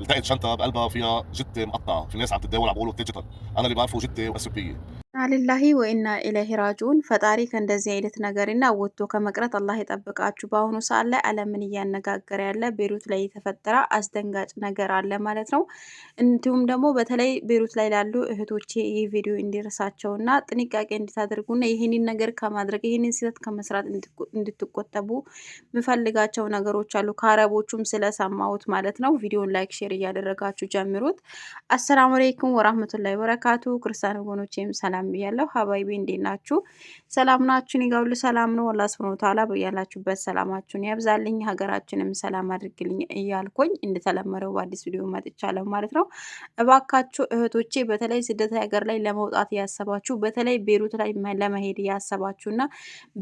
التقت شنطه بقلبها فيها جته مقطعه في ناس عم تتداول عم بيقولوا ديجيتال انا اللي بعرفه جته واثيوبيه، አልላሂ ወኢና ኢለይሂ ራጅን ፈጣሪ ከእንደዚህ አይነት ነገርና ወጥቶ ከመቅረት አላህ የጠብቃችሁ። በአሁኑ ሰዓት ላይ ዓለምን እያነጋገረ ያለ ቤሩት ላይ የተፈጠረ አስደንጋጭ ነገር አለ ማለት ነው። እንዲሁም ደግሞ በተለይ ቤሩት ላይ ላሉ እህቶቼ ይህ ቪዲዮ እንዲረሳቸውና ጥንቃቄ እንድታደርጉና ይህንን ነገር ከማድረግ ይህንን ስህተት ከመስራት እንድትቆጠቡ ምፈልጋቸው ነገሮች አሉ። ከአረቦቹም ስለሰማሁት ማለት ነው። ቪዲዮን ላይክ፣ ሼር እያደረጋችሁ ጀምሩት። አሰላሙ አለይኩም ወራህመቱላሂ ወበረካቱ። ክርስቲያን ወገኖቼም ሰላም ሰላም ብያለሁ። ሀባይቢ እንዴት ናችሁ? ሰላም ናችሁን? ይጋውል ሰላም ነው። አላህ ሱብሐነሁ ወተዓላ በያላችሁበት ሰላማችሁን ያብዛልኝ፣ ሀገራችንም ሰላም አድርግልኝ እያልኩኝ እንደተለመደው በአዲስ ቪዲዮ መጥቻለሁ ማለት ነው። እባካችሁ እህቶቼ፣ በተለይ ስደት ሀገር ላይ ለመውጣት ያሰባችሁ፣ በተለይ ቤሩት ላይ ለመሄድ ያሰባችሁ እና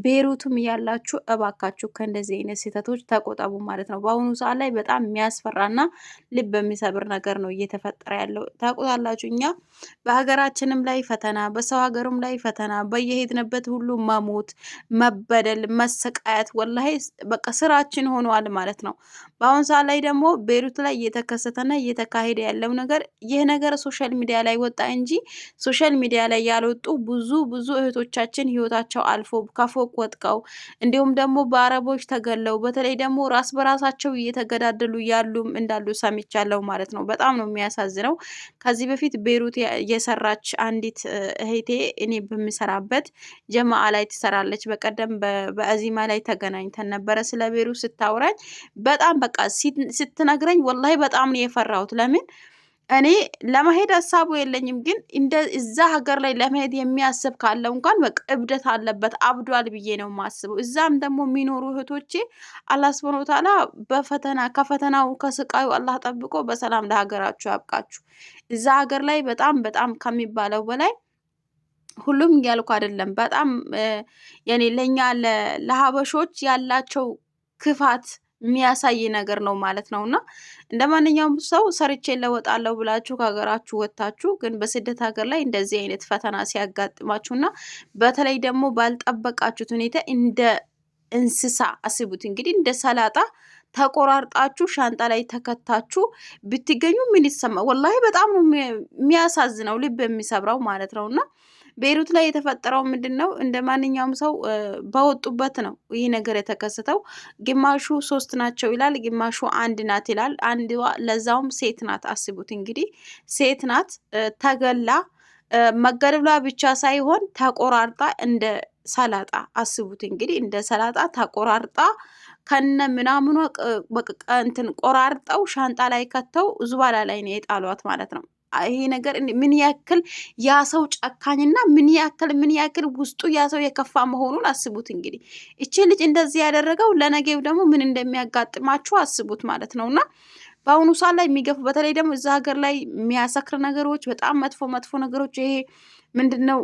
ቤሩትም ያላችሁ እባካችሁ ከእንደዚህ አይነት ስህተቶች ተቆጠቡ ማለት ነው። በአሁኑ ሰዓት ላይ በጣም የሚያስፈራና ልብ የሚሰብር ነገር ነው እየተፈጠረ ያለው ታውቁታላችሁ። እኛ በሀገራችንም ላይ ፈተና በሰው በሰው ሀገሩም ላይ ፈተና፣ በየሄድንበት ሁሉ መሞት፣ መበደል፣ መሰቃየት ወላሂ በቃ ስራችን ሆኗል ማለት ነው። በአሁን ሰዓት ላይ ደግሞ ቤሩት ላይ እየተከሰተና እየተካሄደ ያለው ነገር ይህ ነገር ሶሻል ሚዲያ ላይ ወጣ እንጂ ሶሻል ሚዲያ ላይ ያልወጡ ብዙ ብዙ እህቶቻችን ህይወታቸው አልፎ ከፎቅ ወጥቀው እንዲሁም ደግሞ በአረቦች ተገለው በተለይ ደግሞ ራስ በራሳቸው እየተገዳደሉ ያሉም እንዳሉ ሰምቻለሁ ማለት ነው። በጣም ነው የሚያሳዝነው። ከዚህ በፊት ቤሩት የሰራች አንዲት እህት እህቴ እኔ በምሰራበት ጀማአ ላይ ትሰራለች። በቀደም በአዚማ ላይ ተገናኝተን ነበረ። ስለ ቤሩ ስታውራኝ በጣም በቃ ስትነግረኝ ወላሂ በጣም ነው የፈራሁት። ለምን እኔ ለመሄድ ሀሳቡ የለኝም፣ ግን እንደ እዛ ሀገር ላይ ለመሄድ የሚያስብ ካለው እንኳን በቃ እብደት አለበት አብዷል ብዬ ነው የማስበው። እዛም ደግሞ የሚኖሩ እህቶቼ አላህ ሱብሃነሁ ወተዓላ በፈተና ከፈተናው ከስቃዩ አላህ ጠብቆ በሰላም ለሀገራችሁ ያብቃችሁ። እዛ ሀገር ላይ በጣም በጣም ከሚባለው በላይ ሁሉም እያልኩ አይደለም። በጣም የኔ ለእኛ ለሀበሾች ያላቸው ክፋት የሚያሳይ ነገር ነው ማለት ነው። እና እንደ ማንኛውም ሰው ሰርቼ ለወጣለሁ ብላችሁ ከሀገራችሁ ወጥታችሁ ግን በስደት ሀገር ላይ እንደዚህ አይነት ፈተና ሲያጋጥማችሁ እና በተለይ ደግሞ ባልጠበቃችሁት ሁኔታ እንደ እንስሳ አስቡት እንግዲህ እንደ ሰላጣ ተቆራርጣችሁ ሻንጣ ላይ ተከታችሁ ብትገኙ ምን ይሰማ? ወላሂ በጣም ነው የሚያሳዝነው ልብ የሚሰብረው ማለት ነው እና ቤሩት ላይ የተፈጠረው ምንድን ነው? እንደ ማንኛውም ሰው በወጡበት ነው ይህ ነገር የተከሰተው። ግማሹ ሶስት ናቸው ይላል፣ ግማሹ አንድ ናት ይላል። አንድዋ ለዛውም ሴት ናት። አስቡት እንግዲህ ሴት ናት ተገላ መገደሏ ብቻ ሳይሆን ተቆራርጣ እንደ ሰላጣ አስቡት እንግዲህ እንደ ሰላጣ ተቆራርጣ ከነ ምናምኗ እንትን ቆራርጠው ሻንጣ ላይ ከተው ዙባላ ላይ ነው የጣሏት ማለት ነው። ይሄ ነገር ምን ያክል ያ ሰው ጨካኝና ምን ያክል ምን ያክል ውስጡ ያ ሰው የከፋ መሆኑን አስቡት። እንግዲህ እቺ ልጅ እንደዚህ ያደረገው ለነገው ደግሞ ምን እንደሚያጋጥማችሁ አስቡት ማለት ነውና በአሁኑ ሰዓት ላይ የሚገፉ በተለይ ደግሞ እዛ ሀገር ላይ የሚያሰክር ነገሮች፣ በጣም መጥፎ መጥፎ ነገሮች ይሄ ምንድን ነው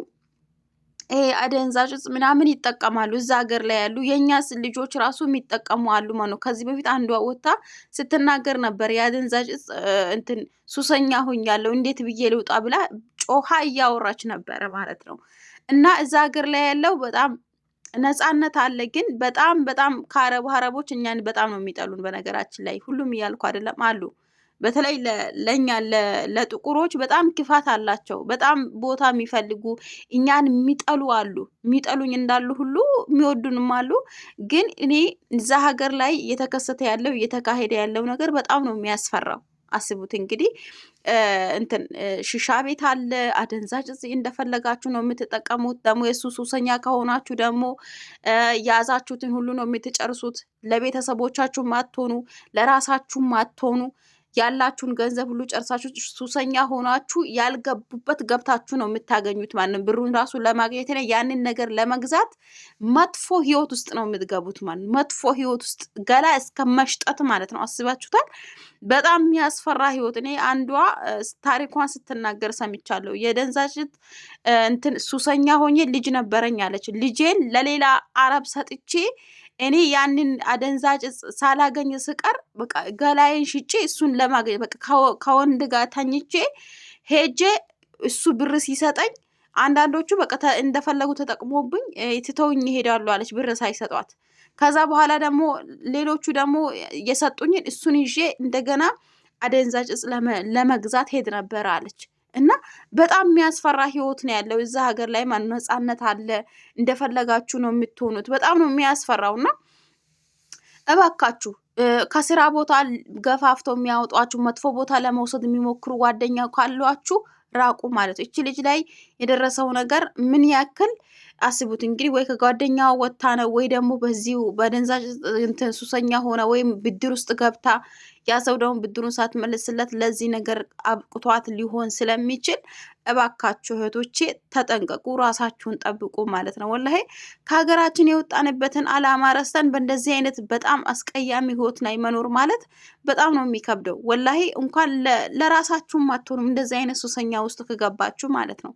ይሄ አደንዛዥ እጽ ምናምን ይጠቀማሉ እዛ ሀገር ላይ ያሉ የእኛ ልጆች ራሱ የሚጠቀሙ አሉ ማለት ነው። ከዚህ በፊት አንዷ ወታ ስትናገር ነበር የአደንዛዥ እጽ እንትን ሱሰኛ ሆኛለሁ እንዴት ብዬ ልውጣ ብላ ጮሃ እያወራች ነበረ ማለት ነው። እና እዛ ሀገር ላይ ያለው በጣም ነፃነት አለ። ግን በጣም በጣም ከአረቡ አረቦች እኛን በጣም ነው የሚጠሉን። በነገራችን ላይ ሁሉም እያልኩ አይደለም አሉ በተለይ ለእኛ ለጥቁሮች በጣም ክፋት አላቸው። በጣም ቦታ የሚፈልጉ እኛን የሚጠሉ አሉ። የሚጠሉኝ እንዳሉ ሁሉ የሚወዱንም አሉ። ግን እኔ እዛ ሀገር ላይ እየተከሰተ ያለው እየተካሄደ ያለው ነገር በጣም ነው የሚያስፈራው። አስቡት እንግዲህ እንትን ሽሻ ቤት አለ፣ አደንዛዥ እጽ እንደፈለጋችሁ ነው የምትጠቀሙት። ደግሞ የእሱ ሱሰኛ ከሆናችሁ ደግሞ የያዛችሁትን ሁሉ ነው የምትጨርሱት። ለቤተሰቦቻችሁ ማትሆኑ፣ ለራሳችሁ ማትሆኑ ያላችሁን ገንዘብ ሁሉ ጨርሳችሁ ሱሰኛ ሆናችሁ ያልገቡበት ገብታችሁ ነው የምታገኙት። ማንም ብሩን ራሱ ለማግኘት ያንን ነገር ለመግዛት መጥፎ ህይወት ውስጥ ነው የምትገቡት። ማለት መጥፎ ህይወት ውስጥ ገላ እስከ መሽጠት ማለት ነው። አስባችሁታል? በጣም የሚያስፈራ ህይወት። እኔ አንዷ ታሪኳን ስትናገር ሰምቻለሁ። የደንዛጭት እንትን ሱሰኛ ሆኜ ልጅ ነበረኝ አለች። ልጄን ለሌላ አረብ ሰጥቼ እኔ ያንን አደንዛጭ ሳላገኝ ስቀር በቃ ገላዬን ሽጬ እሱን ለማግኘት በቃ ከወንድ ጋር ተኝቼ ሄጄ እሱ ብር ሲሰጠኝ አንዳንዶቹ በቃ እንደፈለጉ ተጠቅሞብኝ ትተውኝ ይሄዳሉ አለች፣ ብር ሳይሰጧት። ከዛ በኋላ ደግሞ ሌሎቹ ደግሞ የሰጡኝን እሱን ይዤ እንደገና አደንዛዥ እጽ ለመግዛት ሄድ ነበር አለች። እና በጣም የሚያስፈራ ህይወት ነው ያለው እዛ ሀገር ላይ ማለት ነጻነት አለ፣ እንደፈለጋችሁ ነው የምትሆኑት። በጣም ነው የሚያስፈራው እና እባካችሁ ከስራ ቦታ ገፋፍቶ የሚያወጧችሁ መጥፎ ቦታ ለመውሰድ የሚሞክሩ ጓደኛ ካሏችሁ ራቁ ማለት ነው። እቺ ልጅ ላይ የደረሰው ነገር ምን ያክል አስቡት እንግዲህ ወይ ከጓደኛ ወታ ነው ወይ ደግሞ በዚሁ በደንዛዥ እንትን ሱሰኛ ሆነ ወይም ብድር ውስጥ ገብታ ያ ሰው ደግሞ ብድሩን ሳትመልስለት ለዚህ ነገር አብቅቷት ሊሆን ስለሚችል እባካችሁ እህቶቼ ተጠንቀቁ፣ ራሳችሁን ጠብቁ ማለት ነው። ወላሂ ከሀገራችን የወጣንበትን አላማ ረስተን በእንደዚህ አይነት በጣም አስቀያሚ ህይወት ላይ መኖር ማለት በጣም ነው የሚከብደው። ወላሂ እንኳን ለራሳችሁም አትሆኑም እንደዚህ አይነት ሱሰኛ ውስጥ ከገባችሁ ማለት ነው።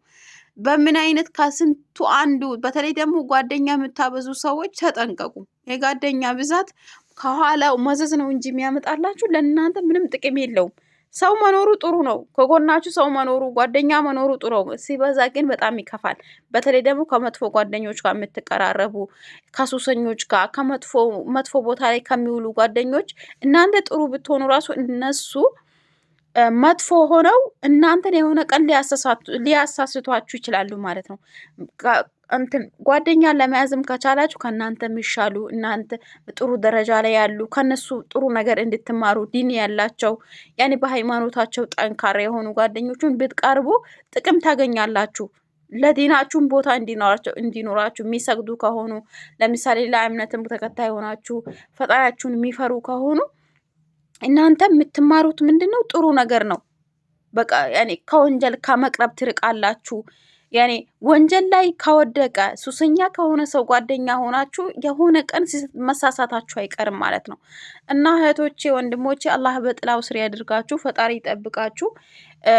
በምን አይነት ከስንቱ አንዱ። በተለይ ደግሞ ጓደኛ የምታበዙ ሰዎች ተጠንቀቁ። የጓደኛ ብዛት ከኋላው መዘዝ ነው እንጂ የሚያመጣላችሁ ለእናንተ ምንም ጥቅም የለውም። ሰው መኖሩ ጥሩ ነው። ከጎናችሁ ሰው መኖሩ ጓደኛ መኖሩ ጥሩ ነው። ሲበዛ ግን በጣም ይከፋል። በተለይ ደግሞ ከመጥፎ ጓደኞች ጋር የምትቀራረቡ ከሱሰኞች ጋር ከመጥፎ መጥፎ ቦታ ላይ ከሚውሉ ጓደኞች እናንተ ጥሩ ብትሆኑ ራሱ እነሱ መጥፎ ሆነው እናንተን የሆነ ቀን ሊያሳስቷችሁ ይችላሉ ማለት ነው። እንትን ጓደኛ ለመያዝም ከቻላችሁ ከእናንተ የሚሻሉ እናንተ ጥሩ ደረጃ ላይ ያሉ ከነሱ ጥሩ ነገር እንድትማሩ ዲን ያላቸው ያኔ በሃይማኖታቸው ጠንካራ የሆኑ ጓደኞቹን ብትቀርቡ ጥቅም ታገኛላችሁ። ለዲናችሁን ቦታ እንዲኖራቸው እንዲኖራችሁ የሚሰግዱ ከሆኑ ለምሳሌ ለእምነትም ተከታይ ሆናችሁ ፈጣሪያችሁን የሚፈሩ ከሆኑ እናንተ የምትማሩት ምንድን ነው? ጥሩ ነገር ነው። በቃ ያኔ ከወንጀል ከመቅረብ ትርቃላችሁ። ያኔ ወንጀል ላይ ካወደቀ ሱሰኛ ከሆነ ሰው ጓደኛ ሆናችሁ የሆነ ቀን መሳሳታችሁ አይቀርም ማለት ነው። እና እህቶቼ፣ ወንድሞቼ አላህ በጥላው ስር ያድርጋችሁ፣ ፈጣሪ ይጠብቃችሁ።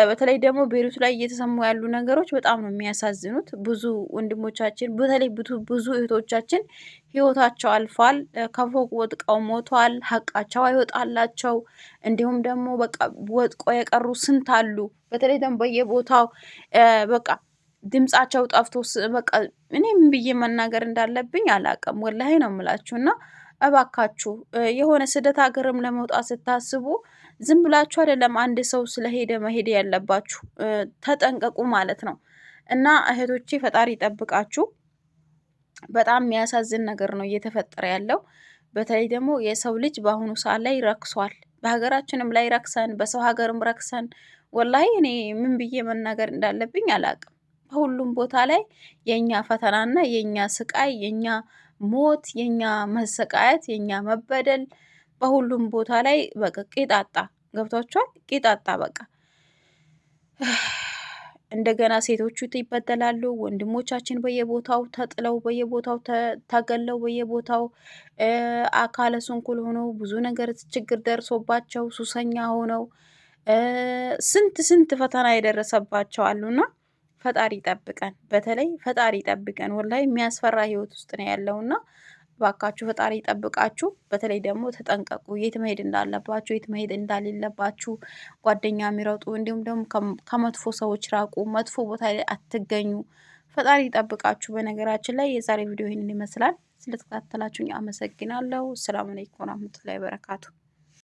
በተለይ ደግሞ ቤሩት ላይ እየተሰሙ ያሉ ነገሮች በጣም ነው የሚያሳዝኑት። ብዙ ወንድሞቻችን በተለይ ብዙ እህቶቻችን ህይወታቸው አልፏል። ከፎቅ ወጥቀው ሞቷል። ሀቃቸው አይወጣላቸው። እንዲሁም ደግሞ በቃ ወጥቆ የቀሩ ስንት አሉ። በተለይ ደግሞ በየቦታው በቃ ድምጻቸው ጠፍቶ በቃ እኔ ብዬ መናገር እንዳለብኝ አላቀም ወላሄ ነው የምላችሁ። እና እባካችሁ የሆነ ስደት ሀገርም ለመውጣት ስታስቡ ዝም ብላችሁ አይደለም አንድ ሰው ስለሄደ መሄድ ያለባችሁ፣ ተጠንቀቁ ማለት ነው። እና እህቶቼ ፈጣሪ ይጠብቃችሁ። በጣም የሚያሳዝን ነገር ነው እየተፈጠረ ያለው። በተለይ ደግሞ የሰው ልጅ በአሁኑ ሰዓት ላይ ረክሷል። በሀገራችንም ላይ ረክሰን፣ በሰው ሀገርም ረክሰን። ወላሂ እኔ ምን ብዬ መናገር እንዳለብኝ አላቅም። በሁሉም ቦታ ላይ የእኛ ፈተናና የእኛ ስቃይ፣ የእኛ ሞት፣ የእኛ መሰቃየት፣ የእኛ መበደል በሁሉም ቦታ ላይ በቃ ቂጣጣ ገብቷቸዋል። ቂጣጣ በቃ እንደገና ሴቶቹ ይበደላሉ። ወንድሞቻችን በየቦታው ተጥለው በየቦታው ተገለው በየቦታው አካለ ስንኩል ሆነው ብዙ ነገር ችግር ደርሶባቸው ሱሰኛ ሆነው ስንት ስንት ፈተና የደረሰባቸው አሉና ፈጣሪ ይጠብቀን። በተለይ ፈጣሪ ይጠብቀን። ወላሂ የሚያስፈራ ህይወት ውስጥ ነው ያለውና ባካችሁ ፈጣሪ ይጠብቃችሁ። በተለይ ደግሞ ተጠንቀቁ። የት መሄድ እንዳለባችሁ፣ የት መሄድ እንዳሌለባችሁ፣ ጓደኛ የሚረጡ እንዲሁም ደግሞ ከመጥፎ ሰዎች ራቁ። መጥፎ ቦታ ላይ አትገኙ። ፈጣሪ ይጠብቃችሁ። በነገራችን ላይ የዛሬ ቪዲዮ ይህንን ይመስላል። ስለተከታተላችሁኝ አመሰግናለሁ። ሰላም አለይኩም ወራህመቱላሂ ወበረካቱ።